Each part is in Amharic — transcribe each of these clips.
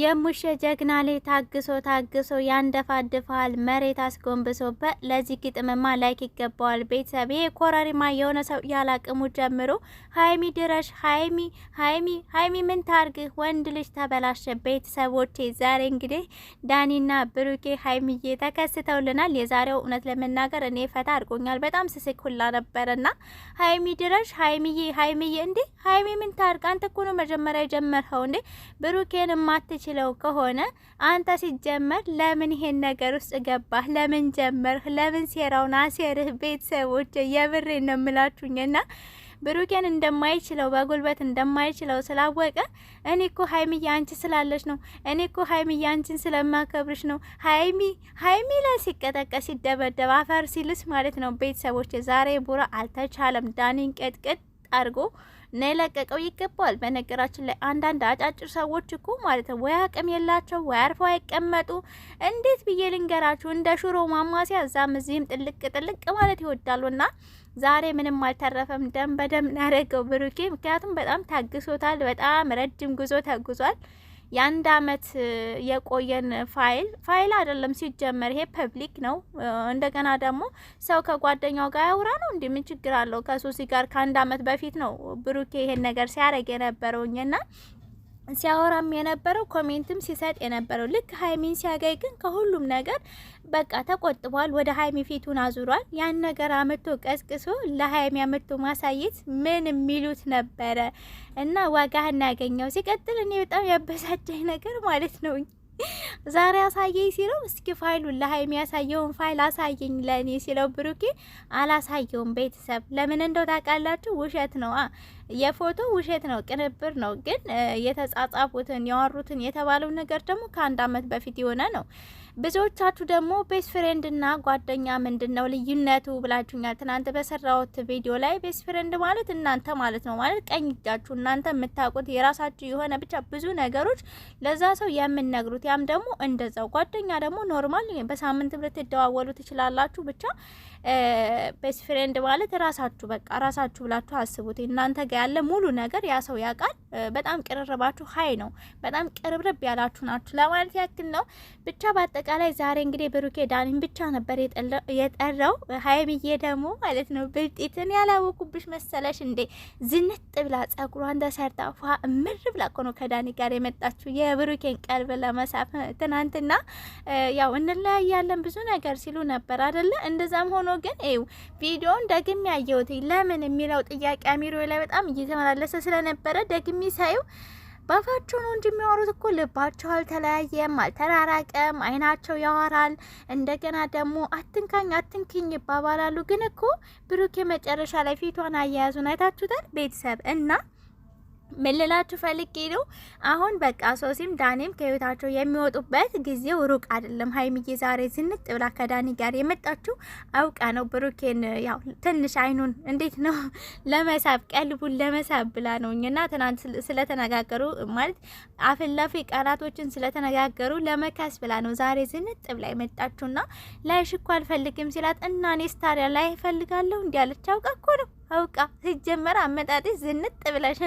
የሙሽ ጀግና ላይ ታግሶ ታግሶ ያንደፋድፋል መሬት አስጎንብሶበት። ለዚህ ግጥምማ ላይክ ይገባዋል። ቤተሰብ ይሄ ኮረሪማ የሆነ ሰው ያላቅሙ ጀምሮ ሀይሚ ድረሽ ሀይሚ ሀይሚ ሀይሚ ምን ታርግህ ወንድ ልጅ ተበላሸ። ቤተሰቦቼ ዛሬ እንግዲህ ዳኒና ብሩኬ ሀይሚዬ ተከስተውልናል። የዛሬው እውነት ለመናገር እኔ ፈታ አድርጎኛል። በጣም ስስክ ሁላ ነበረና ሀይሚ ድረሽ ሀይሚዬ ሀይሚዬ እንዴ ሀይሚ ምን ታርግ አንተ እኮ ነው መጀመሪያ የጀመርኸው እንዴ ብሩኬን ማትች የምችለው ከሆነ አንተ ሲጀመር ለምን ይሄን ነገር ውስጥ ገባህ? ለምን ጀመርህ? ለምን ሴራውን አሴርህ? ቤተሰቦች የብሬ ነው የምላችሁኝና ብሩኬን እንደማይችለው በጉልበት እንደማይችለው ስላወቀ እኔ እኮ ሀይሚዬ አንቺ ስላለች ነው፣ እኔ እኮ ሀይሚዬ አንቺን ስለማከብርሽ ነው። ሀይሚ ሀይሚ ላይ ሲቀጠቀ ሲደበደብ አፈር ሲልስ ማለት ነው። ቤተሰቦች ዛሬ ቡራ አልተቻለም። ዳኒን ቀጥቅጥ አድርጎ ለቀቀው ይገባል። በነገራችን ላይ አንዳንድ አጫጭር ሰዎች እኮ ማለት ነው ወይ አቅም የላቸው ወይ አርፈው አይቀመጡ። እንዴት ብዬ ልንገራችሁ? እንደ ሽሮ ማማሲያ እዛም እዚህም ጥልቅ ጥልቅ ማለት ይወዳሉና ዛሬ ምንም አልተረፈም። ደም በደም ያደረገው ብሩኬ፣ ምክንያቱም በጣም ታግሶታል። በጣም ረጅም ጉዞ ተጉዟል። የአንድ አመት የቆየን ፋይል ፋይል አይደለም ሲጀመር፣ ይሄ ፐብሊክ ነው። እንደገና ደግሞ ሰው ከጓደኛው ጋር ያውራ ነው እንዲህ ምን ችግር አለው? ከሶሲ ጋር ከአንድ አመት በፊት ነው ብሩኬ ይሄን ነገር ሲያደርግ የነበረውኝና ሲያወራም የነበረው ኮሜንትም ሲሰጥ የነበረው ልክ ሀይሚን ሲያገኝ ግን ከሁሉም ነገር በቃ ተቆጥቧል። ወደ ሀይሚ ፊቱን አዙሯል። ያን ነገር አምቶ ቀስቅሶ ለሀይሚ አምቶ ማሳየት ምን የሚሉት ነበረ እና ዋጋህን ያገኘው። ሲቀጥል እኔ በጣም ያበሳጨኝ ነገር ማለት ነው ዛሬ አሳየኝ ሲለው እስኪ ፋይሉን ለሀይሚ ያሳየውን ፋይል አሳየኝ ለእኔ ሲለው ብሩኬ አላሳየውም። ቤተሰብ ለምን እንደው ታውቃላችሁ? ውሸት ነው የፎቶ ውሸት ነው፣ ቅንብር ነው። ግን የተጻጻፉትን ያወሩትን የተባለው ነገር ደግሞ ከአንድ አመት በፊት የሆነ ነው። ብዙዎቻችሁ ደግሞ ቤስት ፍሬንድና ጓደኛ ምንድን ነው ልዩነቱ ብላችሁኛል። ትናንት በሰራሁት ቪዲዮ ላይ ቤስት ፍሬንድ ማለት እናንተ ማለት ነው ማለት ቀኝ እጃችሁ እናንተ የምታውቁት የራሳችሁ የሆነ ብቻ ብዙ ነገሮች ለዛ ሰው የምነግሩት ያም ደግሞ እንደዛው። ጓደኛ ደግሞ ኖርማል በሳምንት ልትደዋወሉ ትደዋወሉ ትችላላችሁ። ብቻ ቤስት ፍሬንድ ማለት ራሳችሁ በቃ ራሳችሁ ብላችሁ አስቡት እናንተ ያለ ሙሉ ነገር ያ ሰው ያውቃል። በጣም ቅርርባችሁ ሀይ ነው። በጣም ቅርብርብ ያላችሁ ናችሁ ለማለት ያክል ነው። ብቻ በአጠቃላይ ዛሬ እንግዲህ ብሩኬ ዳኒን ብቻ ነበር የጠራው። ሀይ ብዬ ደግሞ ማለት ነው ብልጢትን ያላወኩብሽ መሰለሽ እንዴ? ዝንጥ ብላ ጸጉሯን ተሰርታ ፏ ምር ብላ እኮ ከዳኒ ጋር የመጣችሁ የብሩኬን ቀልብ ለመሳፍ ትናንትና ያው እንለያያለን ብዙ ነገር ሲሉ ነበር አደለ? እንደዛም ሆኖ ግን ቪዲዮን ደግም ያየሁት ለምን የሚለው ጥያቄ አሚሮ ላይ በጣም በጣም እየተመላለሰ ስለነበረ ደግሜ ሳየው ባፋቸው ነው እንጂ የሚያወሩት እኮ ልባቸው አልተለያየም፣ አልተራራቀም። አይናቸው ያወራል። እንደገና ደግሞ አትንካኝ አትንክኝ ይባባላሉ። ግን እኮ ብሩክ የመጨረሻ ላይ ፊቷን አያያዙን አይታችሁታል ቤተሰብ እና ምልላችሁ ፈልጌ ነው። አሁን በቃ ሶሲም ዳኔም ከህይወታቸው የሚወጡበት ጊዜው ሩቅ አይደለም። ሀይሚዬ ዛሬ ዝንጥ ብላ ከዳኒ ጋር የመጣችው አውቃ ነው። ብሩኬን ያው ትንሽ አይኑን እንዴት ነው ለመሳብ ቀልቡን ለመሳብ ብላ ነው እና ትናንት ስለተነጋገሩ ማለት አፍላፊ ቃላቶችን ስለተነጋገሩ ለመካስ ብላ ነው ዛሬ ዝንጥ ብላ የመጣችሁና ላይሽ እኮ አልፈልግም ሲላት እና ኔስታሪያ ላይ ፈልጋለሁ እንዲያለች አውቃ እኮ ነው አውቃ ሲጀመር አመጣጤ ዝንጥ ብለሽ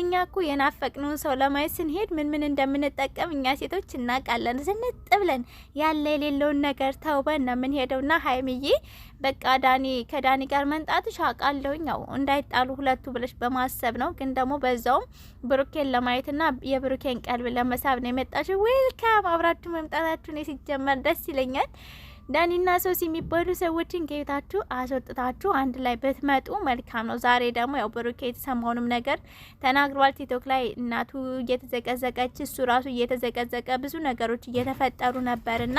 እኛ እኮ የናፈቅነውን ሰው ለማየት ስንሄድ ምን ምን እንደምንጠቀም እኛ ሴቶች እናውቃለን። ዝንጥ ብለን ያለ የሌለውን ነገር ተውበን ነው የምንሄደውና ሀይምዬ በቃ ዳኒ ከዳኒ ጋር መንጣት አውቃለሁኝ። ያው እንዳይጣሉ ሁለቱ ብለሽ በማሰብ ነው፣ ግን ደግሞ በዛውም ብሩኬን ለማየትና የብሩኬን ቀልብ ለመሳብ ነው የመጣሽ። ዌልካም አብራችሁ መምጣታችሁን ሲጀመር ደስ ይለኛል። ዳኒና ሶሲ የሚባሉ ሰዎችን ከቤታችሁ አስወጥታችሁ አንድ ላይ ብትመጡ መልካም ነው። ዛሬ ደግሞ ያው ብሩኬ የተሰማውንም ነገር ተናግሯል። ቲክቶክ ላይ እናቱ እየተዘቀዘቀች እሱ ራሱ እየተዘቀዘቀ ብዙ ነገሮች እየተፈጠሩ ነበርና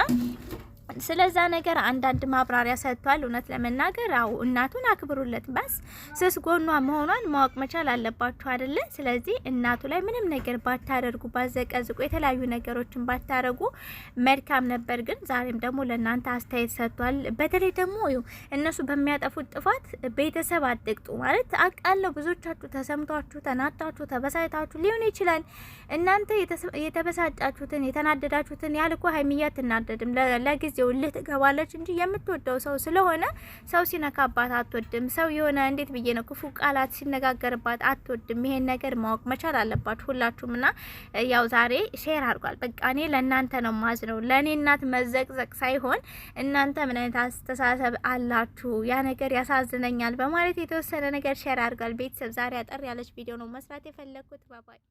ስለዛ ነገር አንዳንድ ማብራሪያ ሰጥቷል። እውነት ለመናገር አው እናቱን አክብሩለት ባስ ስስ ጎኗ መሆኗን ማወቅ መቻል አለባችሁ አይደለ? ስለዚህ እናቱ ላይ ምንም ነገር ባታደርጉ፣ ባዘቀዝቁ፣ የተለያዩ ነገሮችን ባታረጉ መልካም ነበር። ግን ዛሬም ደግሞ ለእናንተ አስተያየት ሰጥቷል። በተለይ ደግሞ እነሱ በሚያጠፉት ጥፋት ቤተሰብ አትቅጡ ማለት አቃለው። ብዙዎቻችሁ ተሰምቷችሁ፣ ተናጣችሁ፣ ተበሳጭታችሁ ሊሆን ይችላል። እናንተ የተበሳጫችሁትን የተናደዳችሁትን ያልኩ ሀይሚያ አትናደድም ለጊዜ ጊዜው እልህ ትገባለች እንጂ የምትወደው ሰው ስለሆነ ሰው ሲነካባት አትወድም። ሰው የሆነ እንዴት ብዬ ነው ክፉ ቃላት ሲነጋገርባት አትወድም። ይሄን ነገር ማወቅ መቻል አለባችሁ ሁላችሁም። ና ያው ዛሬ ሼር አድርጓል። በቃ እኔ ለእናንተ ነው ማዝ ነው ለእኔ እናት መዘቅዘቅ ሳይሆን እናንተ ምን አይነት አስተሳሰብ አላችሁ? ያ ነገር ያሳዝነኛል በማለት የተወሰነ ነገር ሼር አድርጓል። ቤተሰብ ዛሬ አጠር ያለች ቪዲዮ ነው መስራት የፈለግኩት። ባባይ